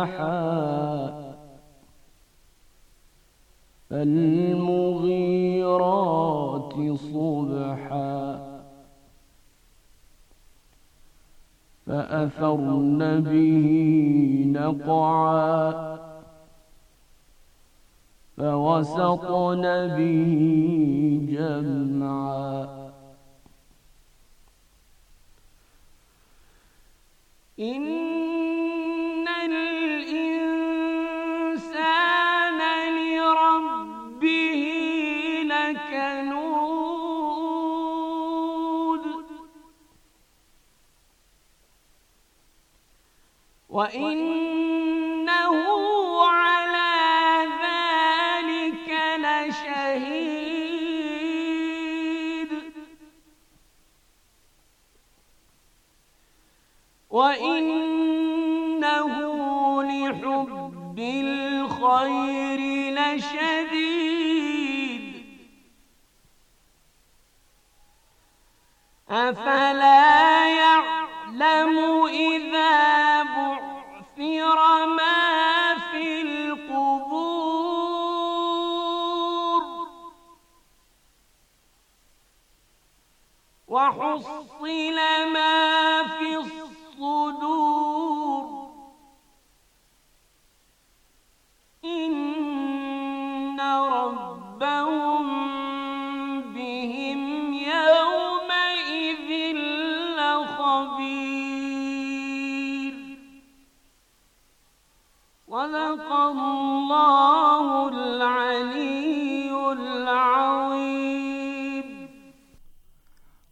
رياحا فالمغيرات صبحا فأثرن به نقعا فوسطن به جمعا إن وإنه على ذلك لشهيد وإنه لحب الخير لشديد أفلا يعلم إذا وحصل ما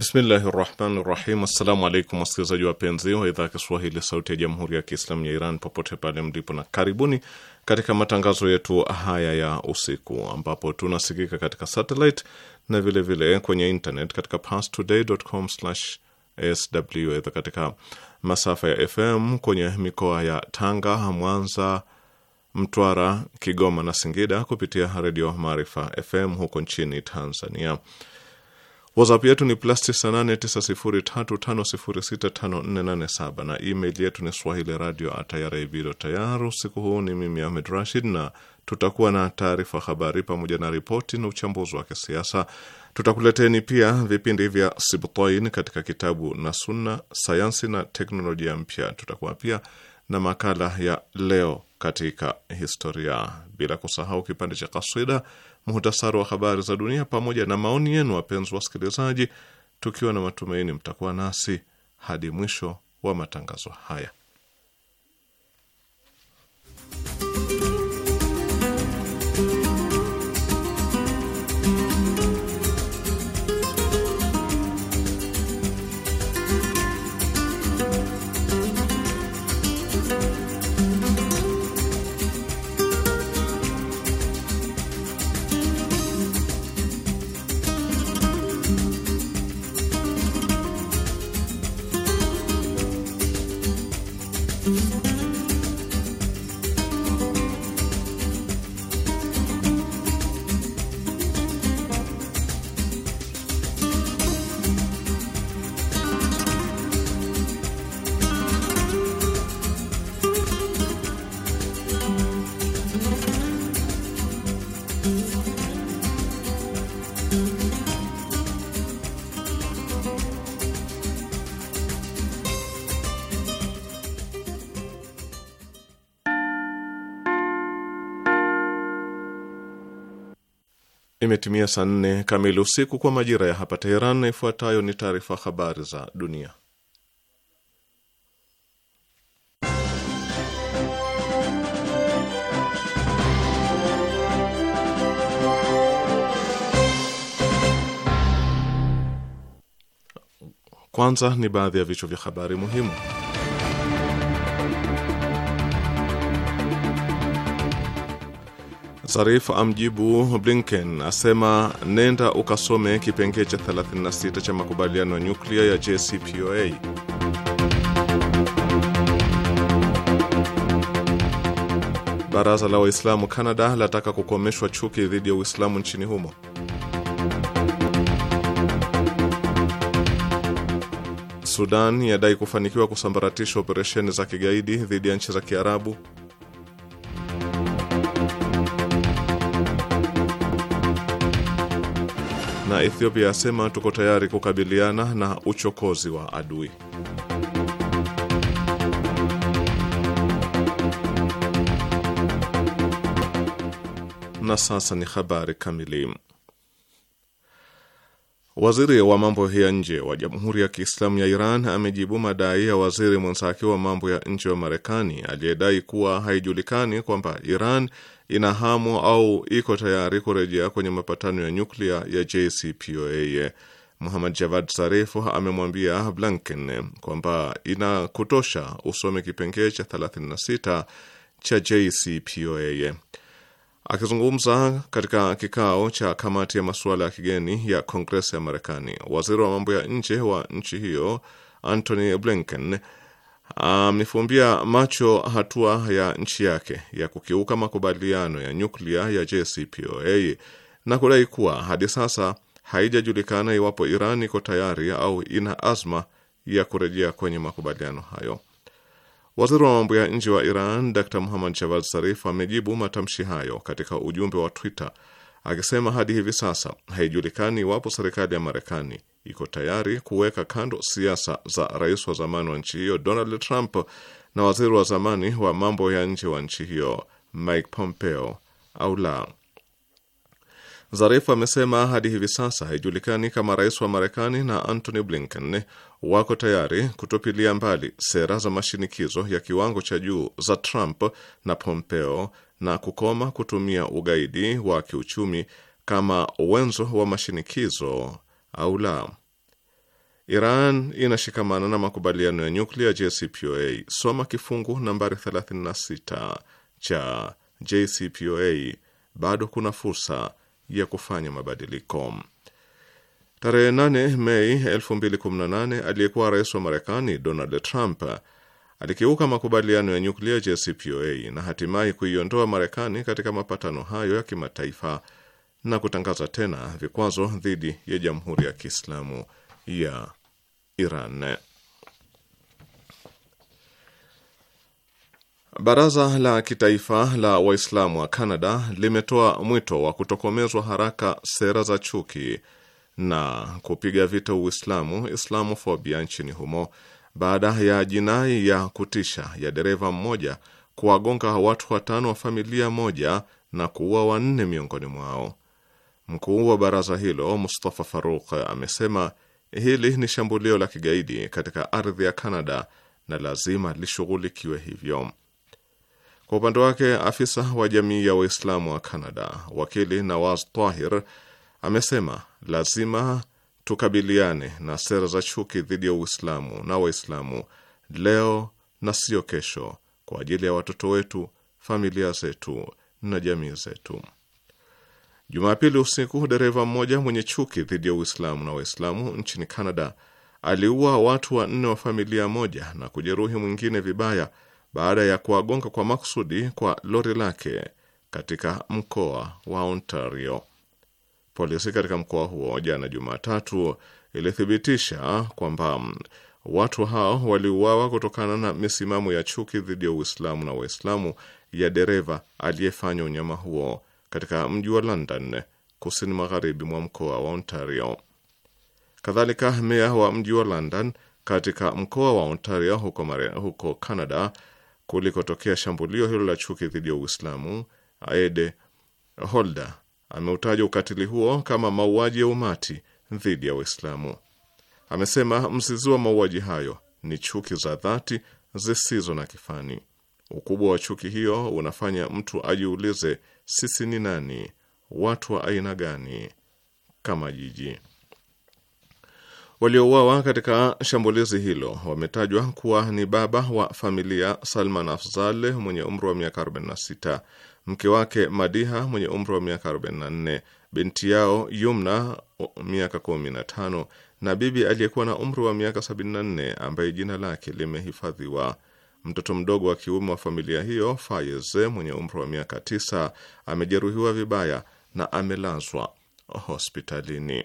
Bismillahi rahmani rahim. Assalamu alaikum wasikilizaji wapenzi wa idhaa ya Kiswahili sauti ya jamhuri ya Kiislamu ya Iran popote pale mlipo, na karibuni katika matangazo yetu haya ya usiku ambapo tunasikika katika satellite na vilevile vile kwenye internet katika parstoday.com/sw, aidha katika masafa ya FM kwenye mikoa ya Tanga, Mwanza, Mtwara, Kigoma na Singida kupitia redio Maarifa FM huko nchini Tanzania. WhatsApp yetu ni plus 989035065487 na email yetu ni swahili radio atayaraiviro tayari. Usiku huu ni mimi Ahmed Rashid, na tutakuwa na taarifa habari pamoja na ripoti na uchambuzi wa kisiasa. Tutakuleteni pia vipindi vya Sibtain katika kitabu na Sunna, sayansi na teknolojia mpya. Tutakuwa pia na makala ya leo katika historia, bila kusahau kipande cha kaswida muhtasari wa habari za dunia pamoja na maoni yenu, wapenzi wasikilizaji, tukiwa na matumaini mtakuwa nasi hadi mwisho wa matangazo haya. Imetimia saa nne kamili usiku kwa majira ya hapa Teheran, na ifuatayo ni taarifa habari za dunia. Kwanza ni baadhi ya vichwa vya habari muhimu. sarif amjibu Blinken, asema nenda ukasome kipengee cha 36 cha makubaliano ya nyuklia ya JCPOA. Baraza la Waislamu Kanada lataka kukomeshwa chuki dhidi ya Uislamu nchini humo. Sudan yadai kufanikiwa kusambaratisha operesheni za kigaidi dhidi ya nchi za Kiarabu. na Ethiopia yasema tuko tayari kukabiliana na uchokozi wa adui. Na sasa ni habari kamili. Waziri wa mambo ya nje wa Jamhuri ya Kiislamu ya Iran amejibu madai ya waziri mwenzake wa mambo ya nje wa Marekani aliyedai kuwa haijulikani kwamba Iran ina hamu au iko tayari kurejea kwenye mapatano ya nyuklia ya JCPOA. Muhammad Javad Zarif amemwambia Blinken kwamba inakutosha usome kipengee cha 36 cha JCPOA. Akizungumza katika kikao cha kamati ya masuala ya kigeni ya Kongresi ya Marekani, waziri wa mambo ya nje wa nchi hiyo Antony Blinken amefumbia um, macho hatua ya nchi yake ya kukiuka makubaliano ya nyuklia ya JCPOA na kudai kuwa hadi sasa haijajulikana iwapo Iran iko tayari au ina azma ya kurejea kwenye makubaliano hayo. Waziri wa mambo ya nje wa Iran Dr Muhammad Javad Zarif amejibu matamshi hayo katika ujumbe wa Twitter akisema hadi hivi sasa haijulikani iwapo serikali ya Marekani iko tayari kuweka kando siasa za rais wa zamani wa nchi hiyo Donald Trump na waziri wa zamani wa mambo ya nje wa nchi hiyo Mike Pompeo au la. Zarifu amesema hadi hivi sasa haijulikani kama rais wa Marekani na Antony Blinken wako tayari kutupilia mbali sera za mashinikizo ya kiwango cha juu za Trump na Pompeo na kukoma kutumia ugaidi wa kiuchumi kama wenzo wa mashinikizo au la. Iran inashikamana na makubaliano ya nyuklia JCPOA. Soma kifungu nambari 36 cha JCPOA. Bado kuna fursa ya kufanya mabadiliko. Tarehe 8 Mei 2018 aliyekuwa rais wa Marekani Donald Trump alikiuka makubaliano ya nyuklia JCPOA na hatimaye kuiondoa Marekani katika mapatano hayo ya kimataifa na kutangaza tena vikwazo dhidi ya Jamhuri ya Kiislamu ya Iran. Baraza la Kitaifa la Waislamu wa Kanada limetoa mwito wa kutokomezwa haraka sera za chuki na kupiga vita Uislamu, Islamofobia nchini humo baada ya jinai ya kutisha ya dereva mmoja kuwagonga watu watano wa familia moja na kuua wanne miongoni mwao. Mkuu wa baraza hilo Mustafa Faruk amesema hili ni shambulio la kigaidi katika ardhi ya Kanada na lazima lishughulikiwe hivyo. Kwa upande wake, afisa wa jamii ya Waislamu wa Kanada wakili Nawaz Tahir amesema lazima tukabiliane na sera za chuki dhidi ya Uislamu na Waislamu leo na sio kesho, kwa ajili ya watoto wetu, familia zetu na jamii zetu. Jumapili usiku dereva mmoja mwenye chuki dhidi ya Uislamu na Waislamu nchini Canada aliua watu wanne wa familia moja na kujeruhi mwingine vibaya baada ya kuwagonga kwa makusudi kwa lori lake katika mkoa wa Ontario. Polisi katika mkoa huo jana Jumatatu ilithibitisha kwamba watu hao waliuawa kutokana na misimamo ya chuki dhidi ya Uislamu na Waislamu ya dereva aliyefanya unyama huo katika mji wa London, kusini magharibi mwa mkoa wa Ontario. Kadhalika, meya wa mji wa London katika mkoa wa Ontario huko, mare, huko Canada kulikotokea shambulio hilo la chuki dhidi ya Uislamu, Aede Holder ameutaja ukatili huo kama mauaji ya umati dhidi ya Uislamu. Amesema mzizi wa mauaji hayo ni chuki za dhati zisizo na kifani. Ukubwa wa chuki hiyo unafanya mtu ajiulize sisi ni nani, watu wa aina gani kama jiji. Waliouawa katika shambulizi hilo wametajwa kuwa ni baba wa familia Salman Afzal mwenye umri wa miaka 46, mke wake Madiha mwenye umri wa miaka 44, binti yao Yumna miaka 15, na bibi aliyekuwa na umri wa miaka 74 ambaye jina lake limehifadhiwa Mtoto mdogo wa kiume wa familia hiyo Fayeze mwenye umri wa miaka tisa amejeruhiwa vibaya na amelazwa hospitalini.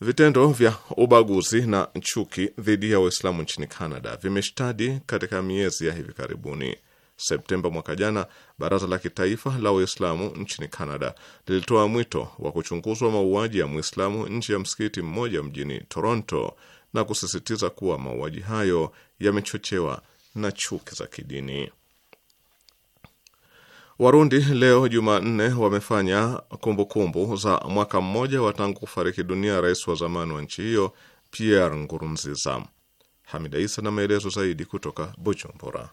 Vitendo vya ubaguzi na chuki dhidi ya Waislamu nchini Canada vimeshtadi katika miezi ya hivi karibuni. Septemba mwaka jana, baraza la kitaifa la Waislamu nchini Canada lilitoa mwito wa kuchunguzwa mauaji ya Mwislamu nje ya msikiti mmoja mjini Toronto na kusisitiza kuwa mauaji hayo yamechochewa na chuki za kidini. Warundi leo Jumanne wamefanya kumbukumbu kumbu za mwaka mmoja wa tangu kufariki dunia rais wa zamani wa nchi hiyo Pierre Nkurunziza. Hamida Isa na maelezo zaidi kutoka Bujumbura.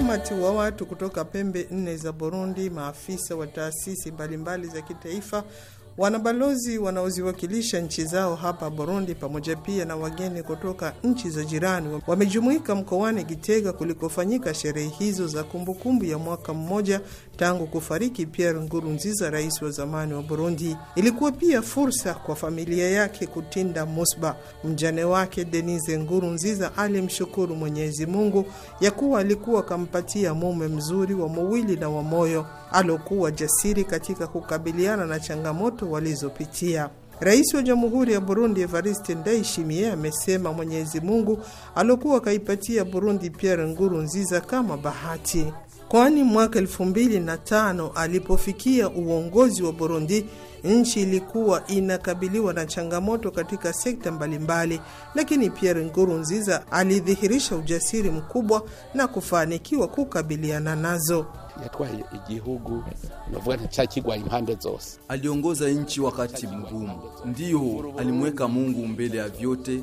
Umati wa watu kutoka pembe nne za Burundi, maafisa wa taasisi mbalimbali za kitaifa Wanabalozi wanaoziwakilisha nchi zao hapa Burundi pamoja pia na wageni kutoka nchi za jirani wamejumuika mkoani Gitega kulikofanyika sherehe hizo za kumbukumbu ya mwaka mmoja Tangu kufariki Pierre Ngurunziza, rais wa zamani wa Burundi, ilikuwa pia fursa kwa familia yake kutinda musba Mjane wake Denise ngurunziza alimshukuru Mwenyezi Mungu ya kuwa alikuwa akampatia mume mzuri wa mwili na wa moyo, alokuwa jasiri katika kukabiliana na changamoto walizopitia. Rais wa Jamhuri ya Burundi Evariste Ndayishimiye amesema Mwenyezi Mungu alokuwa akaipatia Burundi Pierre Nziza kama bahati kwani mwaka tano alipofikia uongozi wa Burundi nchi ilikuwa inakabiliwa na changamoto katika sekta mbalimbali mbali, lakini Pierre Nkurunziza alidhihirisha ujasiri mkubwa na kufanikiwa kukabiliana nazo yatwaye igihugu navuga nti cyakigwa impande zose. Aliongoza nchi wakati mgumu, ndiyo alimweka Mungu mbele ya vyote.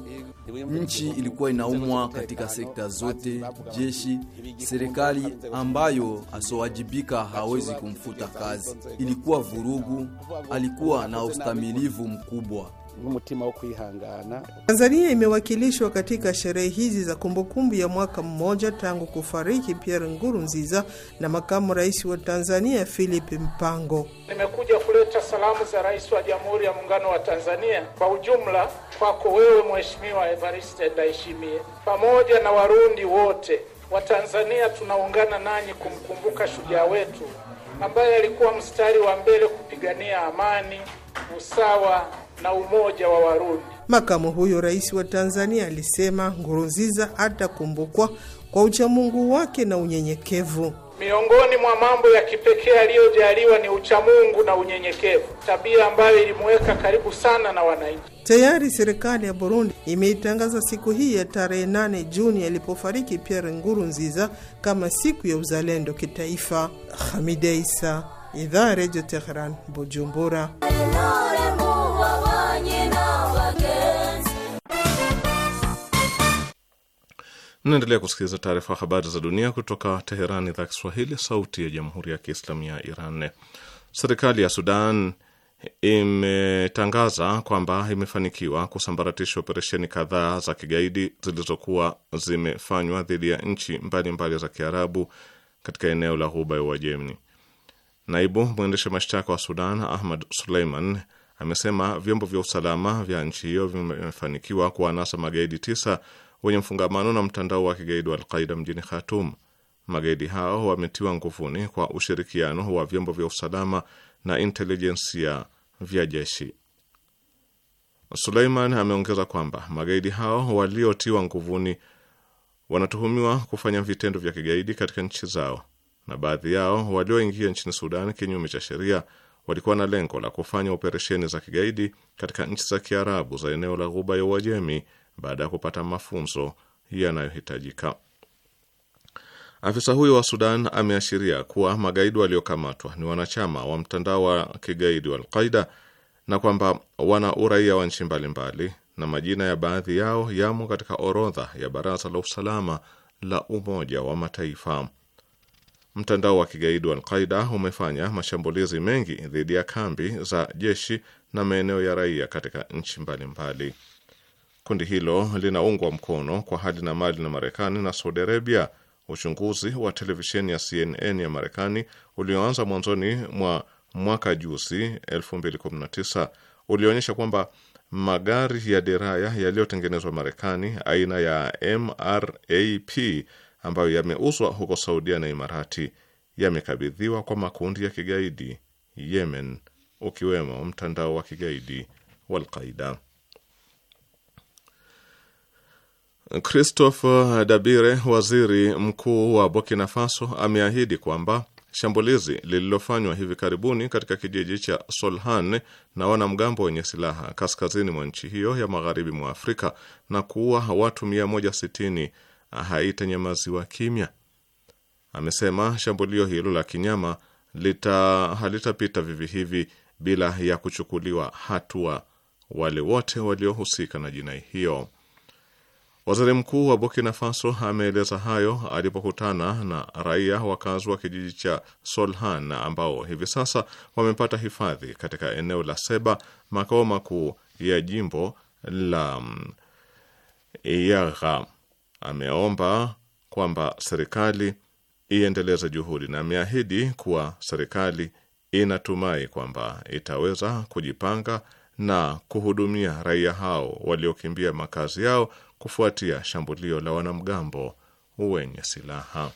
Nchi ilikuwa inaumwa katika sekta zote, jeshi, serikali ambayo asowajibika hawezi kumfuta kazi. Ilikuwa vurugu, alikuwa na ustamilivu mkubwa n'umutima wo kwihangana. Tanzania imewakilishwa katika sherehe hizi za kumbukumbu ya mwaka mmoja tangu kufariki Pierre nziza na makamu rais wa Tanzania Philip Mpango. Nimekuja kuleta salamu za rais wa Jamhuri ya Muungano wa Tanzania kwa ujumla kwako wewe Mheshimiwa Evariste ndaheshimie pamoja na Warundi wote Watanzania tunaungana nanyi kumkumbuka shujaa wetu ambaye alikuwa mstari wa mbele kupigania amani, usawa na umoja wa Warundi. Makamu huyo rais wa Tanzania alisema ngurunziza atakumbukwa kwa uchamungu wake na unyenyekevu. Miongoni mwa mambo ya kipekee aliyojaliwa ni uchamungu na unyenyekevu, tabia ambayo ilimuweka karibu sana na wananchi. Tayari serikali ya Burundi imeitangaza siku hii ya tarehe nane Juni alipofariki Pierre ngurunziza kama siku ya uzalendo kitaifa. Hamida Isa, idhaa ya Radio Tehran, Bujumbura. Naendelea kusikiliza taarifa ya habari za dunia kutoka Teherani, idhaa Kiswahili, sauti ya jamhuri ya kiislamu ya Iran. Serikali ya Sudan imetangaza kwamba imefanikiwa kusambaratisha operesheni kadhaa za kigaidi zilizokuwa zimefanywa dhidi ya nchi mbalimbali mbali za kiarabu katika eneo la ghuba ya Uajemi. Naibu mwendesha mashtaka wa Sudan Ahmad Suleiman amesema vyombo vya usalama vya nchi hiyo vimefanikiwa kuwanasa magaidi tisa wenye mfungamano na mtandao wa kigaidi wa Alqaida mjini Khartoum. Magaidi hao wametiwa nguvuni kwa ushirikiano wa vyombo vya usalama na intelijensia vya jeshi. Suleiman ameongeza kwamba magaidi hao waliotiwa nguvuni wanatuhumiwa kufanya vitendo vya kigaidi katika nchi zao, na baadhi yao walioingia nchini Sudan kinyume cha sheria walikuwa na lengo la kufanya operesheni za kigaidi katika nchi za Kiarabu za eneo la Ghuba ya Uajemi baada ya kupata mafunzo yanayohitajika. Afisa huyo wa Sudan ameashiria kuwa magaidi waliokamatwa ni wanachama wa mtandao wa kigaidi wa Alqaida na kwamba wana uraia wa nchi mbalimbali na majina ya baadhi yao yamo katika orodha ya Baraza la Usalama la Umoja wa Mataifa. Mtandao wa kigaidi wa Alqaida umefanya mashambulizi mengi dhidi ya kambi za jeshi na maeneo ya raia katika nchi mbalimbali. Kundi hilo linaungwa mkono kwa hali na mali na Marekani na Saudi Arabia. Uchunguzi wa televisheni ya CNN ya Marekani ulioanza mwanzoni mwa mwaka juzi 2019 ulionyesha kwamba magari ya deraya yaliyotengenezwa Marekani aina ya MRAP ambayo yameuzwa huko Saudia na Imarati yamekabidhiwa kwa makundi ya kigaidi Yemen, ukiwemo mtandao wa kigaidi wa Alqaida. Christophe Dabire, waziri mkuu wa Burkina Faso, ameahidi kwamba shambulizi lililofanywa hivi karibuni katika kijiji cha Solhan na wanamgambo wenye silaha kaskazini mwa nchi hiyo ya magharibi mwa Afrika na kuua watu haitanyamaziwa kimya. Amesema shambulio hilo la kinyama halitapita vivi hivi bila ya kuchukuliwa hatua wale wote waliohusika na jinai hiyo. Waziri mkuu wa Burkina Faso ameeleza hayo alipokutana na raia wakazi wa kijiji cha Solhan ambao hivi sasa wamepata hifadhi katika eneo la Seba, makao makuu ya jimbo la mm, Yagha ameomba kwamba serikali iendeleze juhudi na ameahidi kuwa serikali inatumai kwamba itaweza kujipanga na kuhudumia raia hao waliokimbia makazi yao kufuatia shambulio la wanamgambo wenye silaha.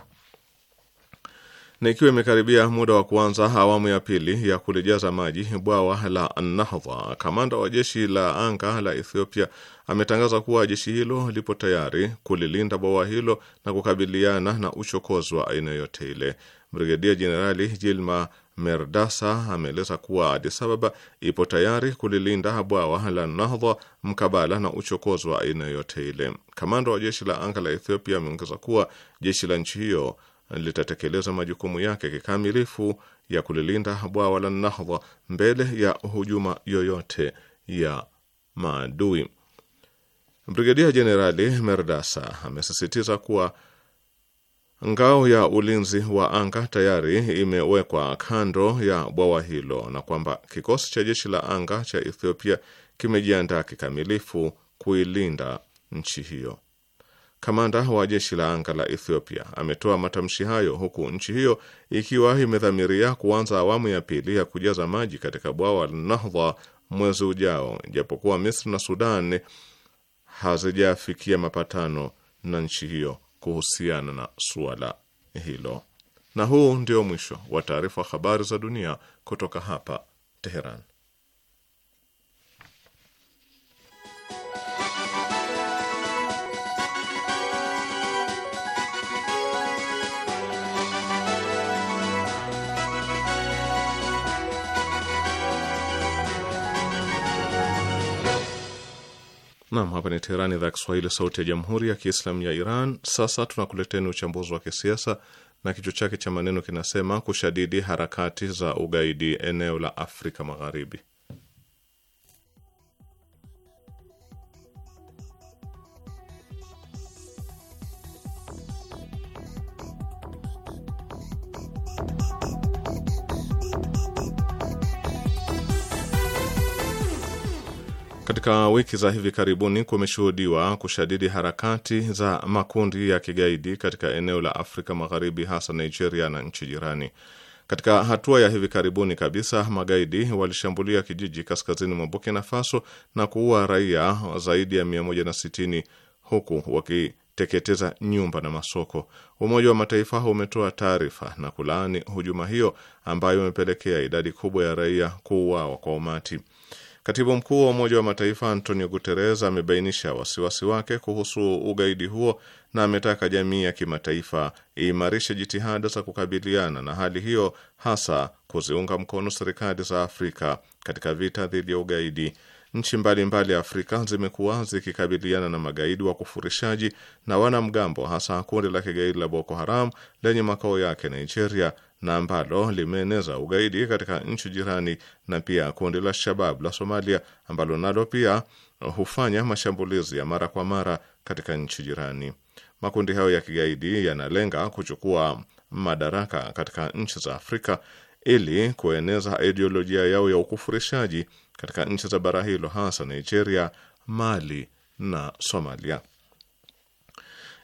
Na ikiwa imekaribia muda wa kuanza awamu ya pili ya kulijaza maji bwawa la Nahdha, kamanda wa jeshi la anga la Ethiopia ametangaza kuwa jeshi hilo lipo tayari kulilinda bwawa hilo na kukabiliana na uchokozi wa aina yote ile. Brigedia Jenerali Jilma Merdasa ameeleza kuwa Addis Ababa ipo tayari kulilinda bwawa la Nahdha mkabala na uchokozi wa aina yote ile. Kamanda wa jeshi la anga la Ethiopia ameongeza kuwa jeshi la nchi hiyo litatekeleza majukumu yake kikamilifu ya kulilinda bwawa la Nahdha mbele ya hujuma yoyote ya maadui. Brigedia Jenerali Merdasa amesisitiza kuwa ngao ya ulinzi wa anga tayari imewekwa kando ya bwawa hilo na kwamba kikosi cha jeshi la anga cha Ethiopia kimejiandaa kikamilifu kuilinda nchi hiyo. Kamanda wa jeshi la anga la Ethiopia ametoa matamshi hayo huku nchi hiyo ikiwa imedhamiria kuanza awamu ya pili ya kujaza maji katika bwawa la Nahdha mwezi ujao, japokuwa Misri na Sudan hazijafikia mapatano na nchi hiyo kuhusiana na suala hilo. Na huu ndio mwisho wa taarifa habari za dunia kutoka hapa Teheran. Nam, hapa ni Teherani, idhaa ya Kiswahili, sauti ya jamhuri ya kiislamu ya Iran. Sasa tunakuleteni uchambuzi wa kisiasa na kichwa chake cha maneno kinasema kushadidi harakati za ugaidi eneo la Afrika Magharibi. Katika wiki za hivi karibuni kumeshuhudiwa kushadidi harakati za makundi ya kigaidi katika eneo la Afrika Magharibi, hasa Nigeria na nchi jirani. Katika hatua ya hivi karibuni kabisa, magaidi walishambulia kijiji kaskazini mwa Burkina Faso na kuua raia zaidi ya 160 huku wakiteketeza nyumba na masoko. Umoja wa Mataifa umetoa taarifa na kulaani hujuma hiyo ambayo imepelekea idadi kubwa ya raia kuuawa kwa umati. Katibu mkuu wa Umoja wa Mataifa Antonio Guterres amebainisha wasiwasi wake kuhusu ugaidi huo na ametaka jamii ya kimataifa iimarishe jitihada za kukabiliana na hali hiyo, hasa kuziunga mkono serikali za Afrika katika vita dhidi ya ugaidi. Nchi mbalimbali Afrika zimekuwa zikikabiliana na magaidi wa kufurishaji na wanamgambo, hasa kundi la kigaidi la Boko Haram lenye makao yake Nigeria na ambalo limeeneza ugaidi katika nchi jirani na pia kundi la Shabab la Somalia ambalo nalo pia hufanya mashambulizi ya mara kwa mara katika nchi jirani. Makundi hayo ya kigaidi yanalenga kuchukua madaraka katika nchi za Afrika ili kueneza ideolojia yao ya ukufurishaji katika nchi za bara hilo, hasa Nigeria, Mali na Somalia.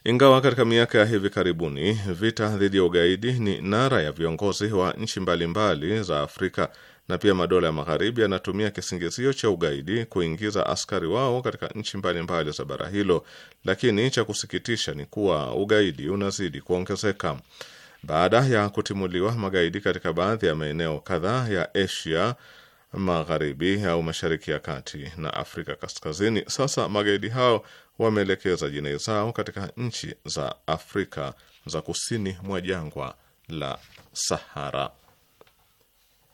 Ingawa katika miaka ya hivi karibuni vita dhidi ya ugaidi ni nara ya viongozi wa nchi mbalimbali za Afrika na pia madola ya magharibi yanatumia kisingizio cha ugaidi kuingiza askari wao katika nchi mbalimbali za bara hilo, lakini cha kusikitisha ni kuwa ugaidi unazidi kuongezeka. Baada ya kutimuliwa magaidi katika baadhi ya maeneo kadhaa ya Asia Magharibi au Mashariki ya Kati na Afrika Kaskazini, sasa magaidi hao wameelekeza jinai zao katika nchi za Afrika za kusini mwa jangwa la Sahara.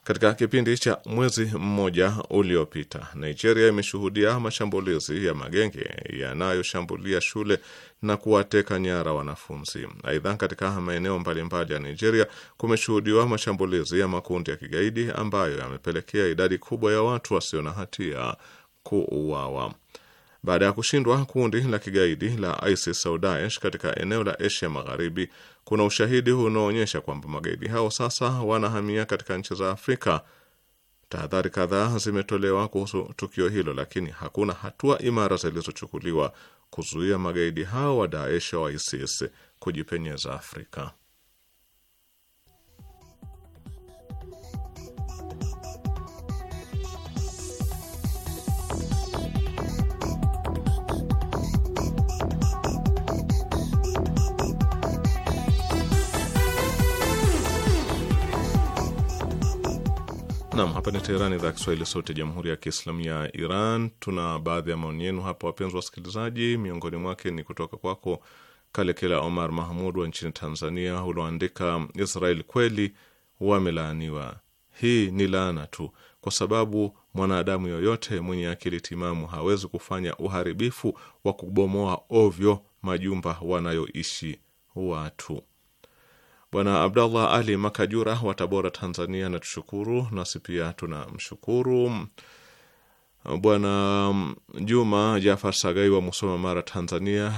Katika kipindi cha mwezi mmoja uliopita, Nigeria imeshuhudia mashambulizi ya magenge yanayoshambulia shule na kuwateka nyara wanafunzi. Aidha, katika maeneo mbalimbali ya Nigeria kumeshuhudiwa mashambulizi ya makundi ya kigaidi ambayo yamepelekea idadi kubwa ya watu wasio na hatia kuuawa baada ya kushindwa kundi la kigaidi la ISIS au Daesh katika eneo la Asia Magharibi, kuna ushahidi unaoonyesha kwamba magaidi hao sasa wanahamia katika nchi za Afrika. Tahadhari kadhaa zimetolewa kuhusu tukio hilo, lakini hakuna hatua imara zilizochukuliwa kuzuia magaidi hao wa Daesh au ISIS kujipenyeza Afrika. Nam, hapa ni Teherani, idhaa ya Kiswahili, sauti ya jamhuri ya kiislamu ya Iran. Tuna baadhi ya maoni yenu hapa, wapenzi wasikilizaji. Miongoni mwake ni kutoka kwako Kalekela Omar Mahmud wa nchini Tanzania, ulioandika Israel kweli wamelaaniwa. Hii ni laana tu, kwa sababu mwanadamu yoyote mwenye akili timamu hawezi kufanya uharibifu wa kubomoa ovyo majumba wanayoishi watu. Bwana Abdallah Ali Makajura wa Tabora, Tanzania anatushukuru, nasi pia tunamshukuru. Bwana Juma Jafar Sagai wa Musoma, Mara, Tanzania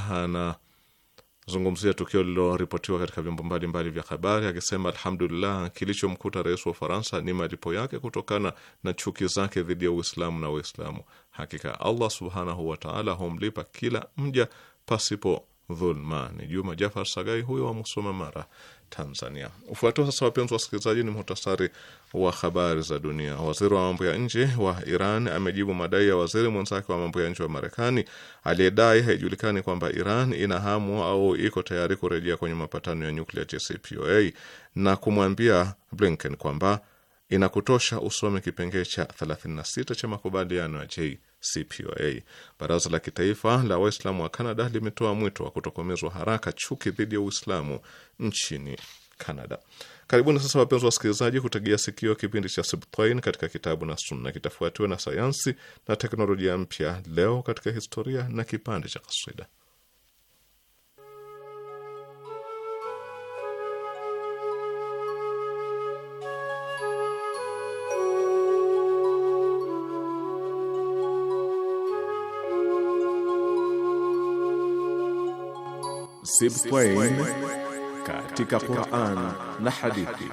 anazungumzia tukio lililoripotiwa katika vyombo mbalimbali vya habari akisema, alhamdulillah, kilichomkuta rais wa Ufaransa ni malipo yake kutokana na chuki zake dhidi ya Uislamu na Waislamu. Hakika Allah subhanahu wataala humlipa kila mja pasipo dhulma. Ni Juma Jafar Sagai huyo wa Musoma, Mara. Tanzania. Ufuatao sasa, wapenzi wasikilizaji, ni muhtasari wa habari za dunia. Waziri wa mambo ya nje wa Iran amejibu madai ya waziri mwenzake wa mambo ya nje wa Marekani aliyedai haijulikani kwamba Iran ina hamu au iko tayari kurejea kwenye mapatano ya nyuklia JCPOA na kumwambia Blinken kwamba inakutosha usome kipengee cha 36 cha makubaliano ya CPOA. Baraza la Kitaifa la Waislamu wa Canada limetoa mwito wa kutokomezwa haraka chuki dhidi ya Uislamu nchini Canada. Karibuni sasa, wapenzi wasikilizaji, kutegea sikio kipindi cha Sibtain katika kitabu na Sunna, kitafuatiwa na sayansi na teknolojia mpya, leo katika historia na kipande cha kaswida. Sibtain katika Qur'an na hadithi.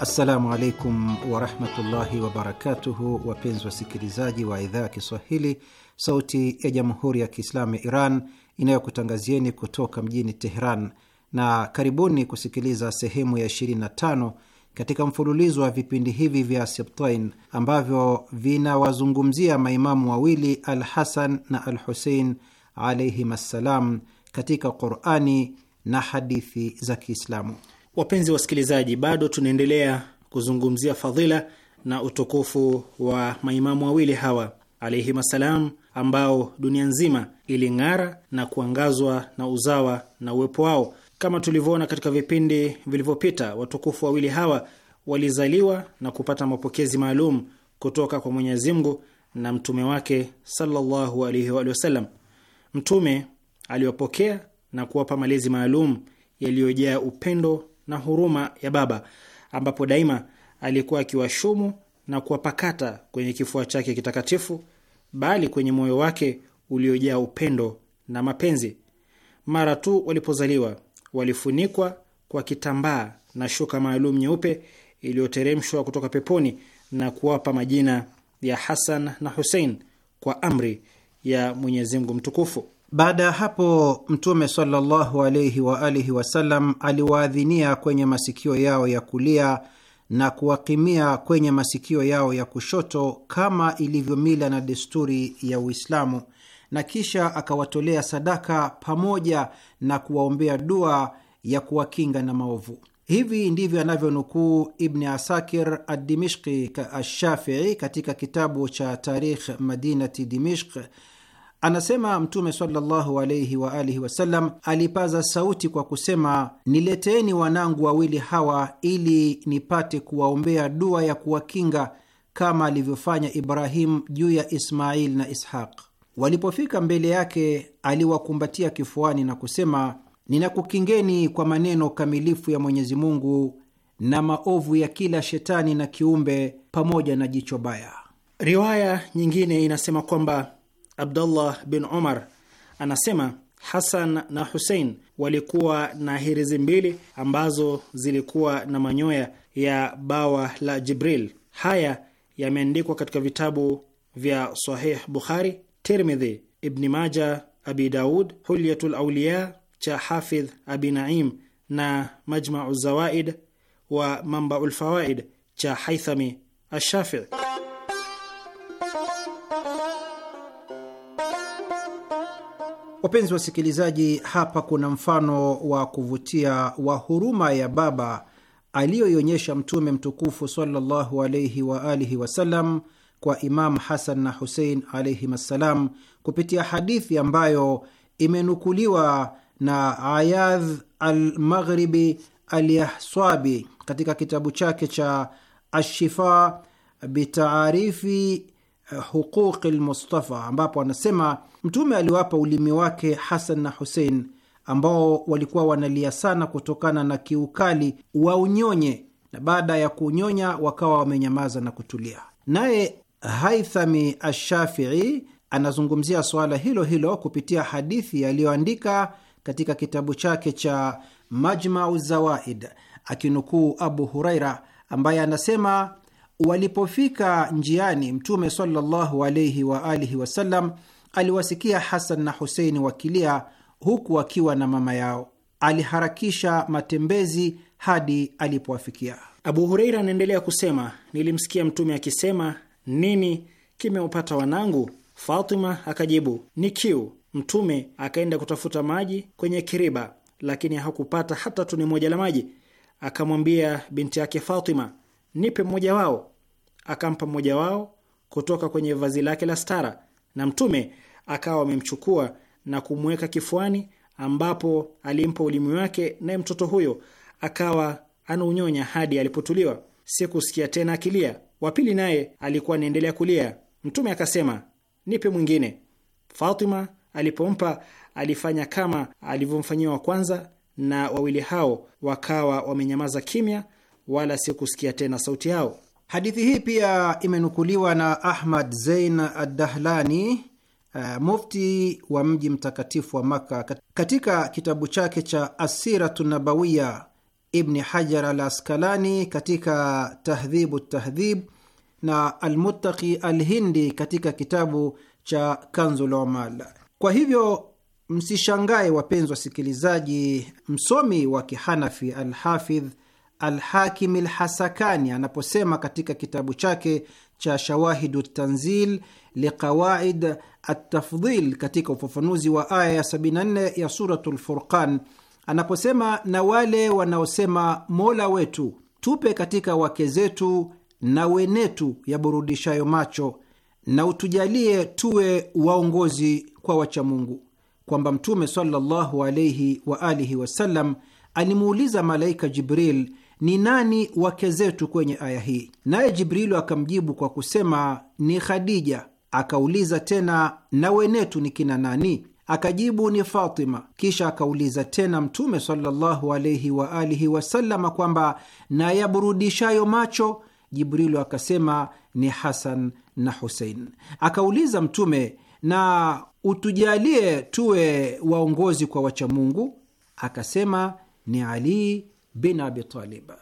Assalamu alaikum warahmatullahi wabarakatuhu, wapenzi wasikilizaji wa idhaa ya Kiswahili sauti ya jamhuri ya Kiislamu ya Iran inayokutangazieni kutoka mjini Tehran, na karibuni kusikiliza sehemu ya 25 katika mfululizo wa vipindi hivi vya Sibtain ambavyo vinawazungumzia maimamu wawili Al Hasan na Al Husein alaihim assalam katika Qurani na hadithi za Kiislamu. Wapenzi wasikilizaji, bado tunaendelea kuzungumzia fadhila na utukufu wa maimamu wawili hawa alaihim assalam, ambao dunia nzima iling'ara na kuangazwa na uzawa na uwepo wao kama tulivyoona katika vipindi vilivyopita, watukufu wawili hawa walizaliwa na kupata mapokezi maalum kutoka kwa Mwenyezi Mungu na mtume wake sallallahu alaihi wa sallam. Mtume aliwapokea na kuwapa malezi maalum yaliyojaa upendo na huruma ya baba, ambapo daima alikuwa akiwashumu na kuwapakata kwenye kifua chake kitakatifu, bali kwenye moyo wake uliojaa upendo na mapenzi. Mara tu walipozaliwa walifunikwa kwa kitambaa na shuka maalum nyeupe iliyoteremshwa kutoka peponi na kuwapa majina ya Hasan na Husein kwa amri ya Mwenyezi Mungu mtukufu. Baada ya hapo Mtume sallallahu alaihi wa alihi wasallam aliwaadhinia kwenye masikio yao ya kulia na kuwakimia kwenye masikio yao ya kushoto kama ilivyo mila na desturi ya Uislamu na kisha akawatolea sadaka pamoja na kuwaombea dua ya kuwakinga na maovu. Hivi ndivyo anavyonukuu Ibni Asakir Adimishki Ashafii katika kitabu cha Tarikh Madinati Dimishk. Anasema Mtume sallallahu wa alihi wasallam alipaza sauti kwa kusema, nileteeni wanangu wawili hawa ili nipate kuwaombea dua ya kuwakinga kama alivyofanya Ibrahimu juu ya Ismail na Ishaq. Walipofika mbele yake, aliwakumbatia kifuani na kusema, ninakukingeni kwa maneno kamilifu ya Mwenyezi Mungu na maovu ya kila shetani na kiumbe pamoja na jicho baya. Riwaya nyingine inasema kwamba Abdullah bin Omar anasema Hasan na Husein walikuwa na hirizi mbili ambazo zilikuwa na manyoya ya bawa la Jibril. Haya yameandikwa katika vitabu vya Sahih Bukhari Tirmidhi, Ibni Maja, Abi Daud, Hulyatul Auliya cha Hafidh Abi Naim na Majmau Zawaid wa Mambaul Fawaid cha Haithami Ashafii. Wapenzi wasikilizaji, hapa kuna mfano wa kuvutia wa huruma ya baba aliyoionyesha Mtume mtukufu sallallahu alaihi wa alihi wasallam kwa imam Hasan na Husein alaihim assalam kupitia hadithi ambayo imenukuliwa na Ayadh Almaghribi Alyahswabi katika kitabu chake cha Ashifa bitaarifi huquqi lmustafa, ambapo anasema Mtume aliwapa ulimi wake Hasan na Husein ambao walikuwa wanalia sana kutokana na kiukali wa unyonye, na baada ya kunyonya wakawa wamenyamaza na kutulia. Naye Haithami Ashafii anazungumzia suala hilo hilo kupitia hadithi aliyoandika katika kitabu chake cha Majmau Zawaid akinukuu Abu Huraira ambaye anasema walipofika njiani, Mtume sallallahu alaihi wa alihi wasallam aliwasikia Hasan na Huseini wakilia huku wakiwa na mama yao. Aliharakisha matembezi hadi alipowafikia. Abu Hureira anaendelea kusema, nilimsikia Mtume akisema nini kimeupata wanangu? Fatima akajibu ni kiu. Mtume akaenda kutafuta maji kwenye kiriba, lakini hakupata hata tuni moja la maji. Akamwambia binti yake Fatima, nipe mmoja wao. Akampa mmoja wao kutoka kwenye vazi lake la stara, na Mtume akawa amemchukua na kumweka kifuani, ambapo alimpa ulimi wake, naye mtoto huyo akawa anaunyonya hadi alipotuliwa. Sikusikia tena akilia. Wa pili naye alikuwa anaendelea kulia. Mtume akasema, nipe mwingine. Fatima alipompa alifanya kama alivyomfanyia wa kwanza, na wawili hao wakawa wamenyamaza kimya, wala si kusikia tena sauti yao. Hadithi hii pia imenukuliwa na Ahmad Zein adahlani uh, eh, mufti wa mji mtakatifu wa Makka, katika kitabu chake cha Asiratu Nabawiya Ibni Hajar al Askalani katika Tahdhibu Tahdhib na Almuttaqi Alhindi katika kitabu cha Kanzul Omal. Kwa hivyo msishangae, wapenzi wasikilizaji, msomi wa Kihanafi Alhafidh Alhakim Alhasakani anaposema katika kitabu chake cha Shawahidu Tanzil Liqawaid Atafdhil katika ufafanuzi wa aya ya 74 ya Suratu Lfurqan anaposema, na wale wanaosema Mola wetu, tupe katika wake zetu na wenetu yaburudishayo macho na utujalie tuwe waongozi kwa wachamungu, kwamba Mtume sallallahu alaihi wa alihi wasallam alimuuliza malaika Jibril ni nani wake zetu kwenye aya hii, naye Jibrilu akamjibu kwa kusema ni Khadija. Akauliza tena na wenetu ni kina nani? Akajibu, ni Fatima. Kisha akauliza tena Mtume sallallahu alaihi waalihi wasallama kwamba na yaburudishayo macho. Jibrilu akasema ni Hasan na Husein. Akauliza Mtume, na utujalie tuwe waongozi kwa wachamungu? Akasema ni Ali bin Abi Talib.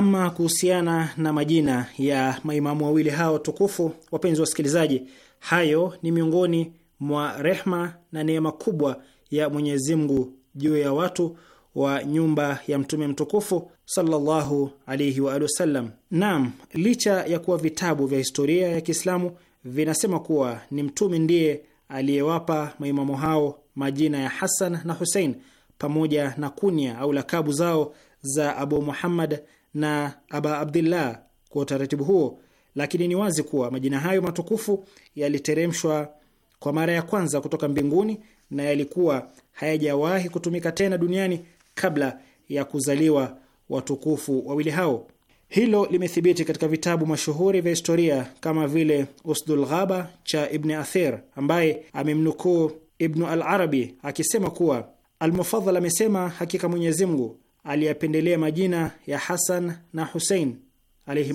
Ama kuhusiana na majina ya maimamu wawili hao tukufu, wapenzi wasikilizaji, hayo ni miongoni mwa rehma na neema kubwa ya Mwenyezi Mungu juu ya watu wa nyumba ya mtume mtukufu sallallahu alaihi wa alihi wasallam. Naam, licha ya kuwa vitabu vya historia ya Kiislamu vinasema kuwa ni mtume ndiye aliyewapa maimamu hao majina ya hasan na husein pamoja na kunya au lakabu zao za Abu Muhammad na Aba Abdillah kwa utaratibu huo, lakini ni wazi kuwa majina hayo matukufu yaliteremshwa kwa mara ya kwanza kutoka mbinguni na yalikuwa hayajawahi kutumika tena duniani kabla ya kuzaliwa watukufu wawili hao. Hilo limethibiti katika vitabu mashuhuri vya historia kama vile Usdul Ghaba cha Ibni Athir, ambaye amemnukuu Ibnu al Arabi akisema kuwa Almufadhal amesema, hakika Mwenyezi Mungu aliyapendelea majina ya Hasan na Husein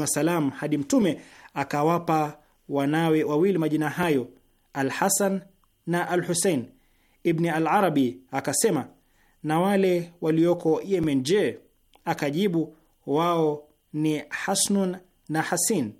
assalam hadi Mtume akawapa wanawe wawili majina hayo Al Hasan na Al Husein. Ibni Al Arabi akasema, na wale walioko Yemen je? Akajibu, wao ni Hasnun na Hasin.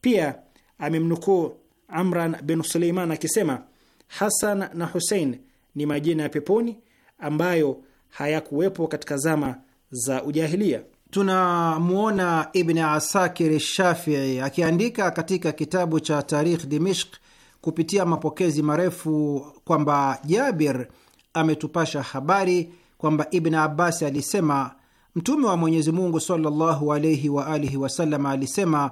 Pia amemnukuu Amran bin Suleiman akisema, Hasan na Husein ni majina ya peponi ambayo hayakuwepo katika zama za ujahilia. Tunamwona Ibn Asakir Shafii akiandika katika kitabu cha Tarikh Dimishk kupitia mapokezi marefu kwamba Jabir ametupasha habari kwamba Ibn Abbas alisema Mtume wa Mwenyezi Mungu sallallahu wa alihi wasallam alisema,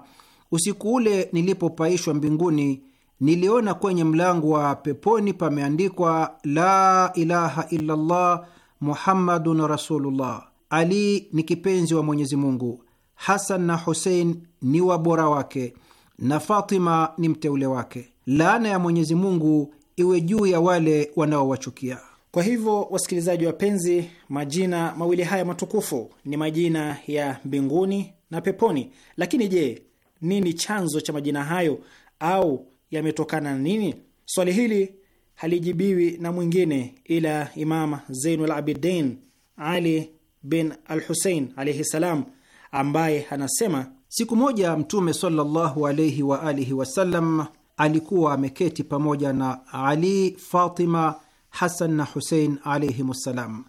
usiku ule nilipopaishwa mbinguni niliona kwenye mlango wa peponi pameandikwa la ilaha illallah Muhammadun Rasulullah. Ali ni kipenzi wa Mwenyezi Mungu, Hasan na Husein ni wabora wake, na Fatima ni mteule wake. Laana ya Mwenyezi Mungu iwe juu ya wale wanaowachukia. Kwa hivyo, wasikilizaji wapenzi, majina mawili haya matukufu ni majina ya mbinguni na peponi. Lakini je, nini chanzo cha majina hayo au yametokana na nini? Swali hili halijibiwi na mwingine ila Imama Zeinul Abidin Ali bin al Husein alaihi salam, ambaye anasema siku moja Mtume sallallahu alaihi wa alihi wasallam alikuwa ameketi pamoja na Ali, Fatima, Hasan na Husein alaihim ssalam.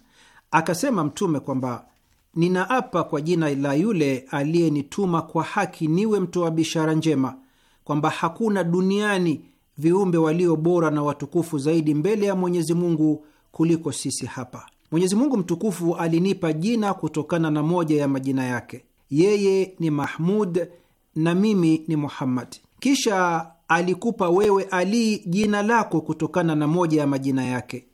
Akasema Mtume kwamba ninaapa kwa jina la yule aliyenituma kwa haki niwe mtoa bishara njema kwamba hakuna duniani viumbe walio bora na watukufu zaidi mbele ya Mwenyezi Mungu kuliko sisi hapa. Mwenyezi Mungu mtukufu alinipa jina kutokana na moja ya majina yake. Yeye ni Mahmud na mimi ni Muhammad. Kisha alikupa wewe Ali jina lako kutokana na moja ya majina yake.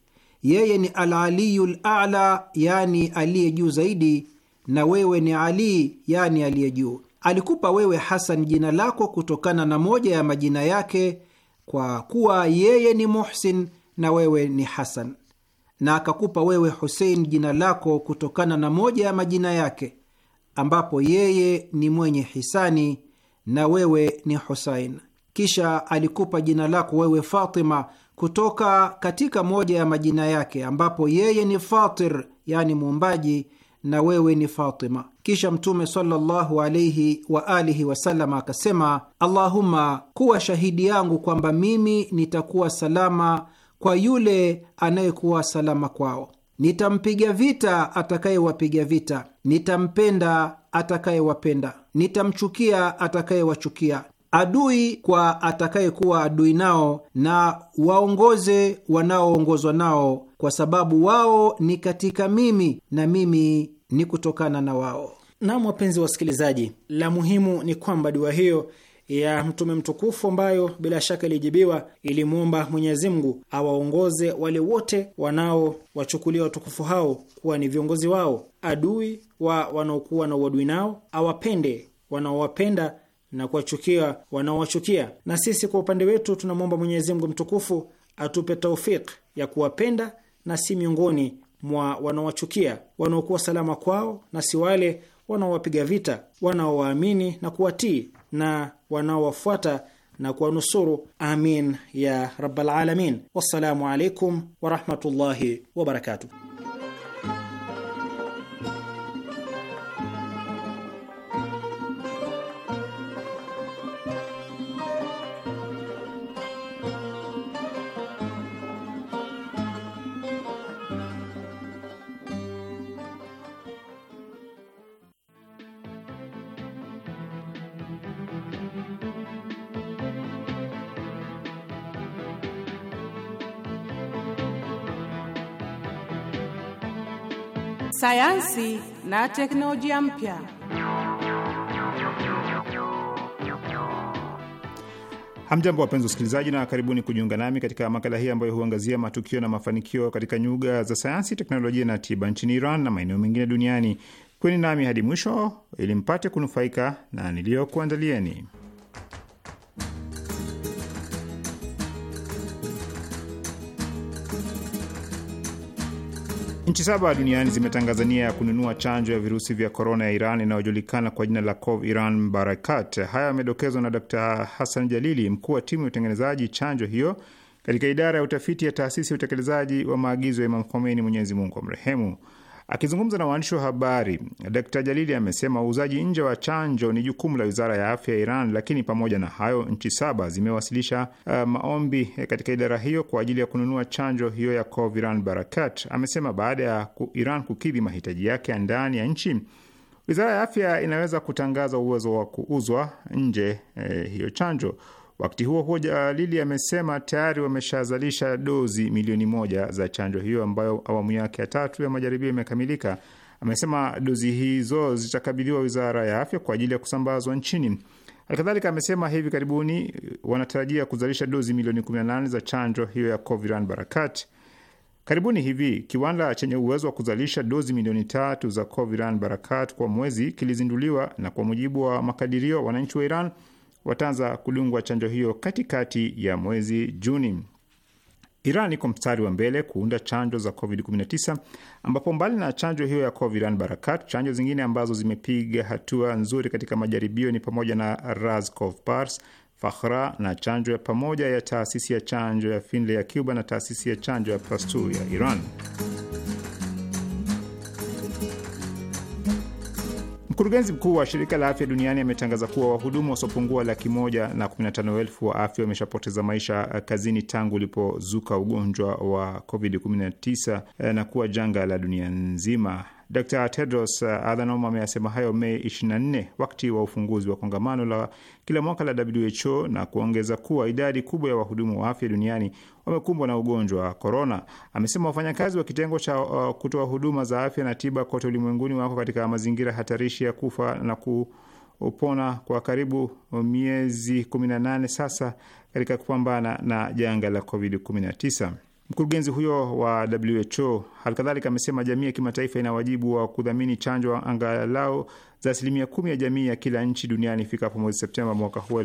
Yeye ni Alaliyul Ala, yani aliye juu zaidi, na wewe ni Ali, yani aliye juu. Alikupa wewe Hasan jina lako kutokana na moja ya majina yake kwa kuwa yeye ni Muhsin na wewe ni Hasan, na akakupa wewe Husein jina lako kutokana na moja ya majina yake, ambapo yeye ni mwenye hisani na wewe ni Husain. Kisha alikupa jina lako wewe Fatima kutoka katika moja ya majina yake, ambapo yeye ni Fatir, yani muumbaji na wewe ni Fatima. Kisha Mtume sallallahu alaihi wa alihi wasallam akasema, Allahumma, kuwa shahidi yangu kwamba mimi nitakuwa salama kwa yule anayekuwa salama kwao, nitampiga vita atakayewapiga vita, nitampenda atakayewapenda, nitamchukia atakayewachukia adui kwa atakayekuwa adui nao na waongoze wanaoongozwa nao, kwa sababu wao ni katika mimi na mimi ni kutokana na wao. Naam, wapenzi wasikilizaji, la muhimu ni kwamba dua hiyo ya Mtume mtukufu ambayo bila shaka ilijibiwa, ilimwomba Mwenyezi Mungu awaongoze wale wote wanaowachukulia watukufu hao kuwa ni viongozi wao, adui wa wanaokuwa na uadui nao, awapende wanaowapenda na kuwachukia wanaowachukia. Na sisi kwa upande wetu tunamwomba Mwenyezi Mungu mtukufu atupe taufik ya kuwapenda na si miongoni mwa wanaowachukia, wanaokuwa salama kwao na si wale wanaowapiga vita, wanaowaamini na kuwatii na wanaowafuata na kuwanusuru. Amin ya rabbal alamin. Wassalamu alaikum warahmatullahi wabarakatuh. sayansi na teknolojia mpya. Hamjambo, wapenzi wasikilizaji, na karibuni kujiunga nami katika makala hii ambayo huangazia matukio na mafanikio katika nyuga za sayansi, teknolojia na tiba nchini Iran na maeneo mengine duniani. Kweni nami hadi mwisho ili mpate kunufaika na niliyokuandalieni. Nchi saba duniani zimetangaza nia ya kununua chanjo ya virusi vya korona ya Iran inayojulikana kwa jina la Cov Iran Mbarakat. Haya yamedokezwa na Dr Hassan Jalili, mkuu wa timu ya utengenezaji chanjo hiyo katika idara ya utafiti ya taasisi ya utekelezaji wa maagizo ya Imam Khomeini, Mwenyezi Mungu amrehemu. Akizungumza na waandishi wa habari, Dkt Jalili amesema uuzaji nje wa chanjo ni jukumu la wizara ya afya ya Iran, lakini pamoja na hayo, nchi saba zimewasilisha uh, maombi eh, katika idara hiyo kwa ajili ya kununua chanjo hiyo ya Coviran Barakat. Amesema baada ya Iran kukidhi mahitaji yake ya ndani ya nchi, wizara ya afya inaweza kutangaza uwezo wa kuuzwa nje eh, hiyo chanjo. Wakati huo huo, Jalili amesema tayari wameshazalisha dozi milioni moja za chanjo hiyo ambayo awamu yake ya tatu ya majaribio imekamilika. Amesema dozi hizo zitakabidhiwa wizara ya afya kwa ajili ya kusambazwa nchini. Halikadhalika amesema hivi karibuni wanatarajia kuzalisha dozi milioni 18 za chanjo hiyo ya Coviran Barakat. Karibuni hivi kiwanda chenye uwezo wa kuzalisha dozi milioni tatu za Coviran Barakat kwa mwezi kilizinduliwa, na kwa mujibu wa makadirio, wananchi wa Iran wataanza kudungwa chanjo hiyo katikati ya mwezi Juni. Iran iko mstari wa mbele kuunda chanjo za COVID-19 ambapo mbali na chanjo hiyo ya Coviran Barakat, chanjo zingine ambazo zimepiga hatua nzuri katika majaribio ni pamoja na Raskov Pars, Fakhra na chanjo ya pamoja ya taasisi ya chanjo ya Finlay ya Cuba na taasisi ya chanjo ya Pasteur ya Iran. Mkurugenzi mkuu wa shirika la afya duniani ametangaza kuwa wahudumu wasiopungua laki moja na kumi na tano elfu wa afya wameshapoteza maisha eh, kazini tangu ulipozuka ugonjwa wa COVID-19 eh, na kuwa janga la dunia nzima. Dr Tedros eh, Adhanom ameyasema hayo Mei 24 wakati wa ufunguzi wa kongamano la kila mwaka la WHO na kuongeza kuwa idadi kubwa ya wahudumu wa afya duniani wamekumbwa na ugonjwa wa korona. Amesema wafanyakazi wa kitengo cha uh, kutoa huduma za afya na tiba kote ulimwenguni wako katika mazingira hatarishi ya kufa na kupona kwa karibu miezi 18 sasa katika kupambana na janga la COVID-19. Mkurugenzi huyo wa WHO halikadhalika amesema jamii ya kimataifa ina wajibu wa kudhamini chanjo angalau za asilimia kumi ya jamii ya kila nchi duniani ifikapo mwezi Septemba mwaka huu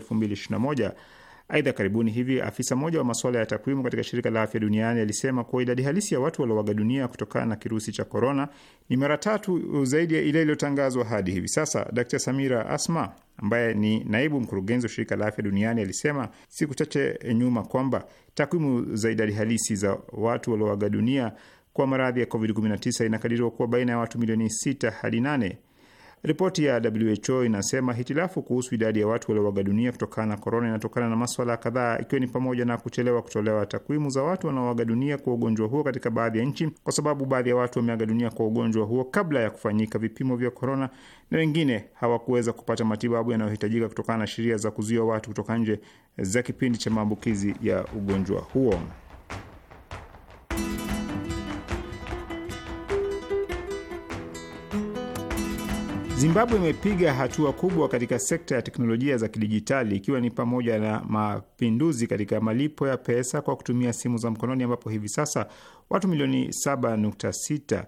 Aidha, karibuni hivi afisa mmoja wa masuala ya takwimu katika shirika la afya duniani alisema kuwa idadi halisi ya watu walioaga dunia kutokana na kirusi cha korona ni mara tatu uh, zaidi ya ile iliyotangazwa hadi hivi sasa. d Samira Asma ambaye ni naibu mkurugenzi wa shirika la afya duniani alisema siku chache nyuma kwamba takwimu za idadi halisi za watu walioaga dunia kwa maradhi ya COVID-19 inakadiriwa kuwa baina ya watu milioni 6 hadi 8. Ripoti ya WHO inasema hitilafu kuhusu idadi ya watu walioaga dunia kutokana na korona inatokana na maswala kadhaa, ikiwa ni pamoja na kuchelewa kutolewa takwimu za watu wanaoaga dunia kwa ugonjwa huo katika baadhi ya nchi, kwa sababu baadhi ya watu wameaga dunia kwa ugonjwa huo kabla ya kufanyika vipimo vya korona, na wengine hawakuweza kupata matibabu yanayohitajika kutokana na sheria za kuzuia watu kutoka nje za kipindi cha maambukizi ya ugonjwa huo. Zimbabwe imepiga hatua kubwa katika sekta ya teknolojia za kidijitali ikiwa ni pamoja na mapinduzi katika malipo ya pesa kwa kutumia simu za mkononi ambapo hivi sasa watu milioni 7.6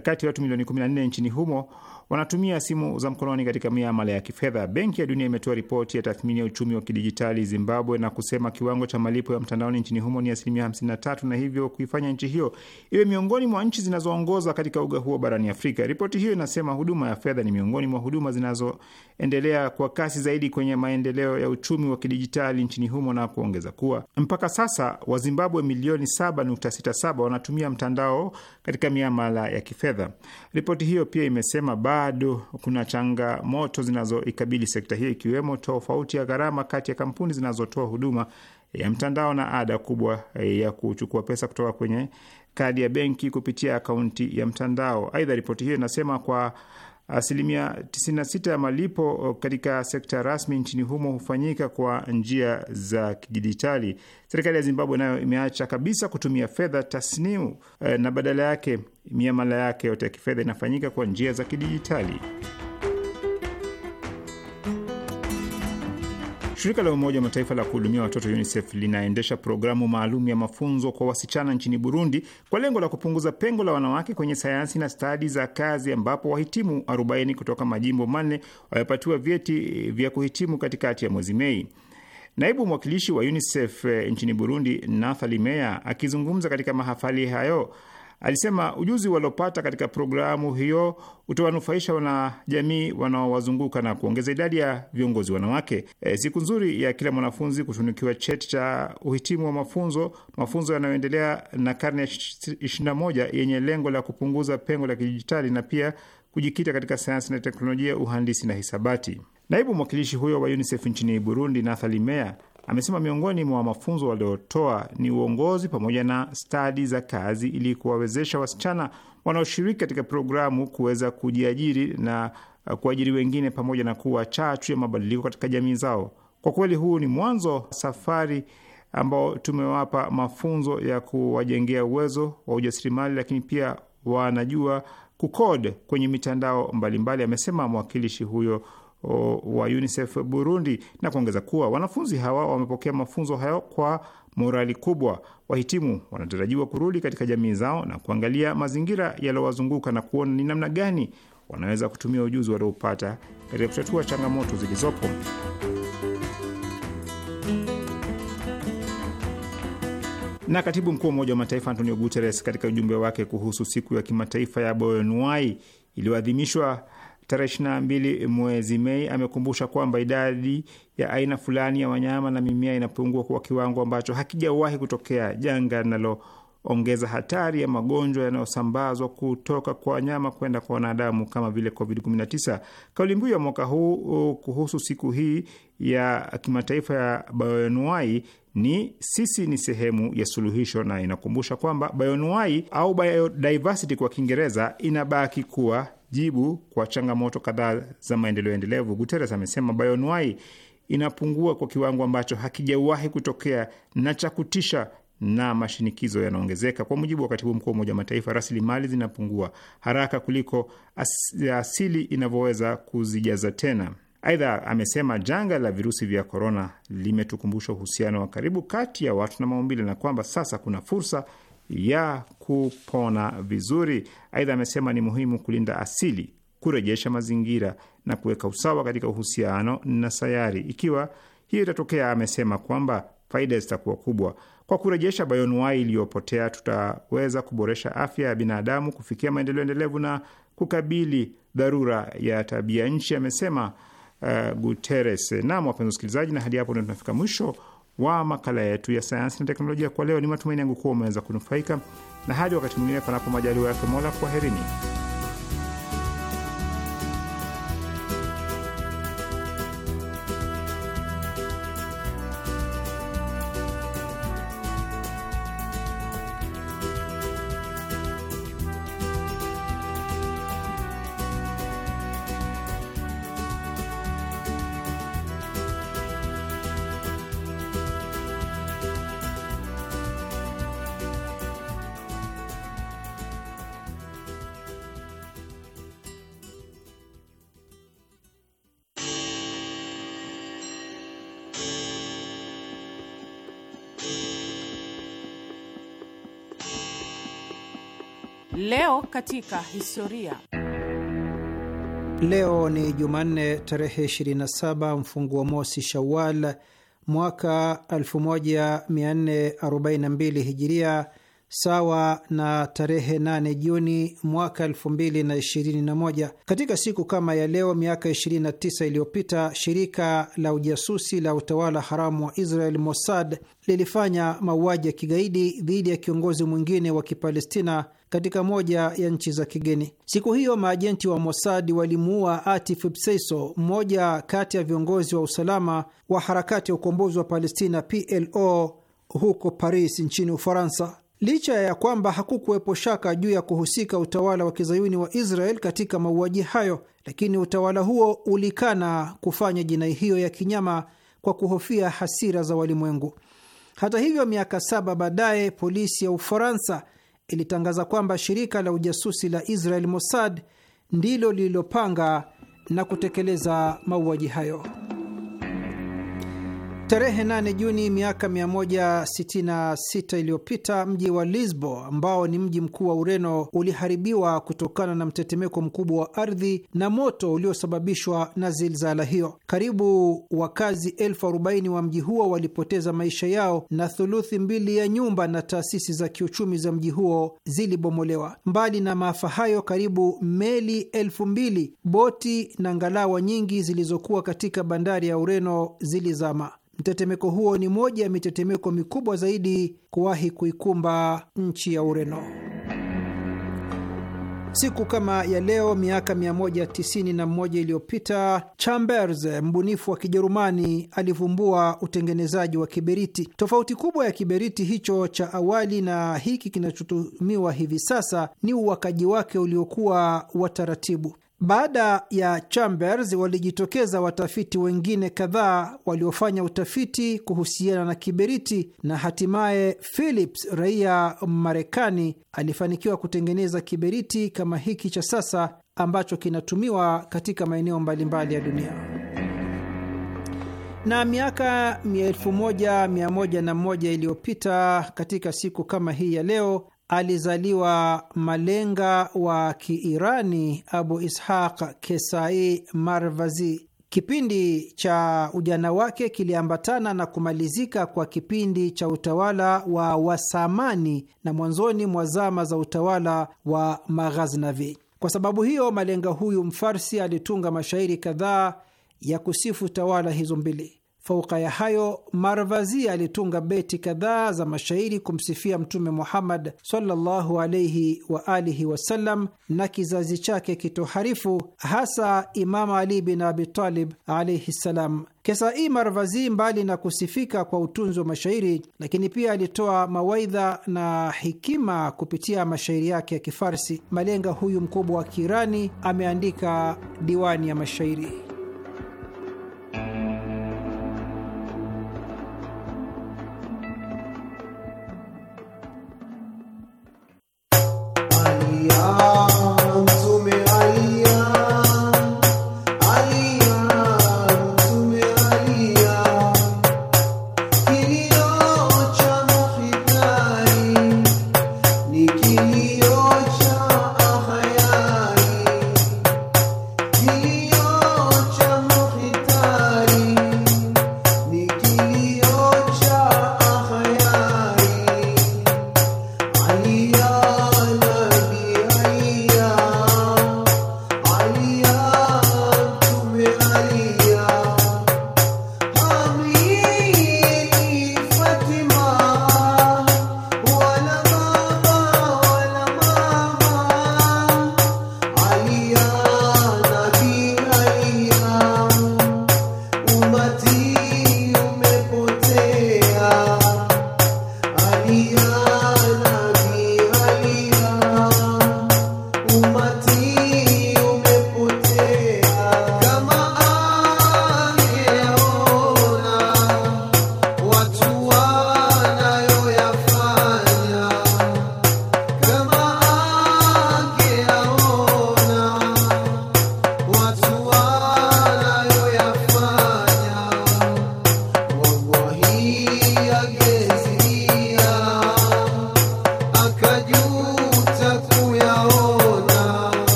kati ya watu milioni 14 nchini humo wanatumia simu za mkononi katika miamala ya kifedha. Benki ya Dunia imetoa ripoti ya tathmini ya uchumi wa kidijitali Zimbabwe na kusema kiwango cha malipo ya mtandaoni nchini humo ni asilimia 53 na hivyo kuifanya nchi hiyo iwe miongoni mwa nchi zinazoongoza katika uga huo barani Afrika. Ripoti hiyo inasema huduma ya fedha ni miongoni mwa huduma zinazoendelea kwa kasi zaidi kwenye maendeleo ya uchumi wa kidijitali nchini humo na kuongeza kuwa mpaka sasa Wazimbabwe milioni 7.67 wanatumia mtandao katika miamala ya kifedha. Ripoti hiyo pia imesema ba bado kuna changamoto zinazoikabili sekta hiyo, ikiwemo tofauti ya gharama kati ya kampuni zinazotoa huduma ya mtandao na ada kubwa eh, ya kuchukua pesa kutoka kwenye kadi ya benki kupitia akaunti ya mtandao. Aidha, ripoti hiyo inasema kwa asilimia 96 ya malipo oh, katika sekta rasmi nchini humo hufanyika kwa njia za kidijitali. Serikali ya Zimbabwe nayo imeacha kabisa kutumia fedha tasnimu eh, na badala yake miamala yake yote ya kifedha inafanyika kwa njia za kidijitali. Shirika la Umoja wa Mataifa la kuhudumia watoto UNICEF linaendesha programu maalum ya mafunzo kwa wasichana nchini Burundi kwa lengo la kupunguza pengo la wanawake kwenye sayansi na stadi za kazi, ambapo wahitimu 40 kutoka majimbo manne wamepatiwa vyeti vya kuhitimu katikati ya mwezi Mei. Naibu mwakilishi wa UNICEF eh, nchini Burundi, Nathali Meya, akizungumza katika mahafali hayo Alisema ujuzi waliopata katika programu hiyo utawanufaisha wanajamii wanaowazunguka na kuongeza idadi ya viongozi wanawake. E, siku nzuri ya kila mwanafunzi kutunukiwa cheti cha uhitimu wa mafunzo, mafunzo yanayoendelea na karne ya 21 yenye lengo la kupunguza pengo la kidijitali na pia kujikita katika sayansi na teknolojia, uhandisi na hisabati. Naibu mwakilishi huyo wa UNICEF nchini Burundi, Nathali Amesema miongoni mwa mafunzo waliotoa ni uongozi pamoja na stadi za kazi ili kuwawezesha wasichana wanaoshiriki katika programu kuweza kujiajiri na uh, kuajiri wengine pamoja na kuwa chachu ya mabadiliko katika jamii zao. Kwa kweli huu ni mwanzo safari ambao tumewapa mafunzo ya kuwajengea uwezo wa ujasiriamali, lakini pia wanajua kukod kwenye mitandao mbalimbali, amesema mwakilishi huyo wa UNICEF Burundi na kuongeza kuwa wanafunzi hawa wamepokea mafunzo hayo kwa morali kubwa. Wahitimu wanatarajiwa kurudi katika jamii zao na kuangalia mazingira yaliyowazunguka na kuona ni namna gani wanaweza kutumia ujuzi waliopata katika kutatua changamoto zilizopo. Na katibu mkuu wa Umoja wa Mataifa Antonio Guterres katika ujumbe wake kuhusu siku ya kimataifa ya Bioanuwai iliyoadhimishwa tarehe 22 mwezi Mei amekumbusha kwamba idadi ya aina fulani ya wanyama na mimea inapungua kwa kiwango ambacho hakijawahi kutokea, janga linaloongeza hatari ya magonjwa yanayosambazwa kutoka kwa wanyama kwenda kwa wanadamu kama vile COVID-19. Kauli mbiu ya mwaka huu uh, kuhusu siku hii ya kimataifa ya bayoanuai ni sisi ni sehemu ya suluhisho, na inakumbusha kwamba bayoanuai au biodiversity kwa Kiingereza inabaki kuwa jibu kwa changamoto kadhaa za maendeleo endelevu. Guterres amesema bayonwai inapungua kwa kiwango ambacho hakijawahi kutokea na cha kutisha na mashinikizo yanaongezeka. Kwa mujibu wa katibu mkuu wa Umoja wa Mataifa, rasilimali zinapungua haraka kuliko asili inavyoweza kuzijaza tena. Aidha amesema janga la virusi vya korona limetukumbusha uhusiano wa karibu kati ya watu na maumbile na kwamba sasa kuna fursa ya kupona vizuri. Aidha, amesema ni muhimu kulinda asili, kurejesha mazingira na kuweka usawa katika uhusiano na sayari. Ikiwa hiyo itatokea, amesema kwamba faida zitakuwa kubwa. Kwa kurejesha bioanuwai iliyopotea, tutaweza kuboresha afya ya binadamu, kufikia maendeleo endelevu na kukabili dharura ya tabia nchi, amesema uh, Guterres. Naam, wapenzi wasikilizaji, na hadi hapo ndio tunafika mwisho wa makala yetu ya sayansi na teknolojia kwa leo. Ni matumaini yangu kuwa umeweza kunufaika, na hadi wakati mwingine, panapo majaliwa yake Mola, kwaherini. Leo katika historia. Leo ni Jumanne tarehe 27 mfungu wa mosi Shawal mwaka 1442 Hijiria, sawa na tarehe 8 Juni mwaka 2021. Katika siku kama ya leo miaka 29 iliyopita shirika la ujasusi la utawala haramu wa Israel Mossad lilifanya mauaji ya kigaidi dhidi ya kiongozi mwingine wa Kipalestina katika moja ya nchi za kigeni. Siku hiyo maajenti wa Mossad walimuua Atif Pseiso, mmoja kati ya viongozi wa usalama wa harakati ya ukombozi wa Palestina PLO huko Paris nchini Ufaransa. Licha ya kwamba hakukuwepo shaka juu ya kuhusika utawala wa kizayuni wa Israel katika mauaji hayo, lakini utawala huo ulikana kufanya jinai hiyo ya kinyama kwa kuhofia hasira za walimwengu. Hata hivyo, miaka saba baadaye polisi ya Ufaransa ilitangaza kwamba shirika la ujasusi la Israel Mossad ndilo lililopanga na kutekeleza mauaji hayo. Tarehe 8 Juni miaka 166 iliyopita mji wa Lisbo ambao ni mji mkuu wa Ureno uliharibiwa kutokana na mtetemeko mkubwa wa ardhi na moto uliosababishwa na zilzala hiyo. Karibu wakazi elfu arobaini wa mji huo walipoteza maisha yao na thuluthi mbili ya nyumba na taasisi za kiuchumi za mji huo zilibomolewa. Mbali na maafa hayo, karibu meli elfu mbili, boti na ngalawa nyingi zilizokuwa katika bandari ya Ureno zilizama. Mtetemeko huo ni moja ya mitetemeko mikubwa zaidi kuwahi kuikumba nchi ya Ureno. Siku kama ya leo miaka 191 iliyopita Chambers, mbunifu wa Kijerumani, alivumbua utengenezaji wa kiberiti. Tofauti kubwa ya kiberiti hicho cha awali na hiki kinachotumiwa hivi sasa ni uwakaji wake uliokuwa wa taratibu. Baada ya Chambers walijitokeza watafiti wengine kadhaa waliofanya utafiti kuhusiana na kiberiti na hatimaye Phillips, raia Marekani, alifanikiwa kutengeneza kiberiti kama hiki cha sasa ambacho kinatumiwa katika maeneo mbalimbali ya dunia na miaka 1101 iliyopita katika siku kama hii ya leo alizaliwa malenga wa Kiirani Abu Ishaq Kesai Marvazi. Kipindi cha ujana wake kiliambatana na kumalizika kwa kipindi cha utawala wa Wasamani na mwanzoni mwa zama za utawala wa Maghaznavi. Kwa sababu hiyo, malenga huyu Mfarsi alitunga mashairi kadhaa ya kusifu tawala hizo mbili. Fauka ya hayo, Marvazi alitunga beti kadhaa za mashairi kumsifia Mtume Muhammad sallallahu alaihi wa alihi wasallam na kizazi chake kitoharifu, hasa Imamu Ali bin Abitalib alaihi ssalam. Kesai Marvazi, mbali na kusifika kwa utunzi wa mashairi, lakini pia alitoa mawaidha na hikima kupitia mashairi yake ya Kifarsi. Malenga huyu mkubwa wa Kiirani ameandika diwani ya mashairi Yeah.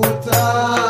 puta.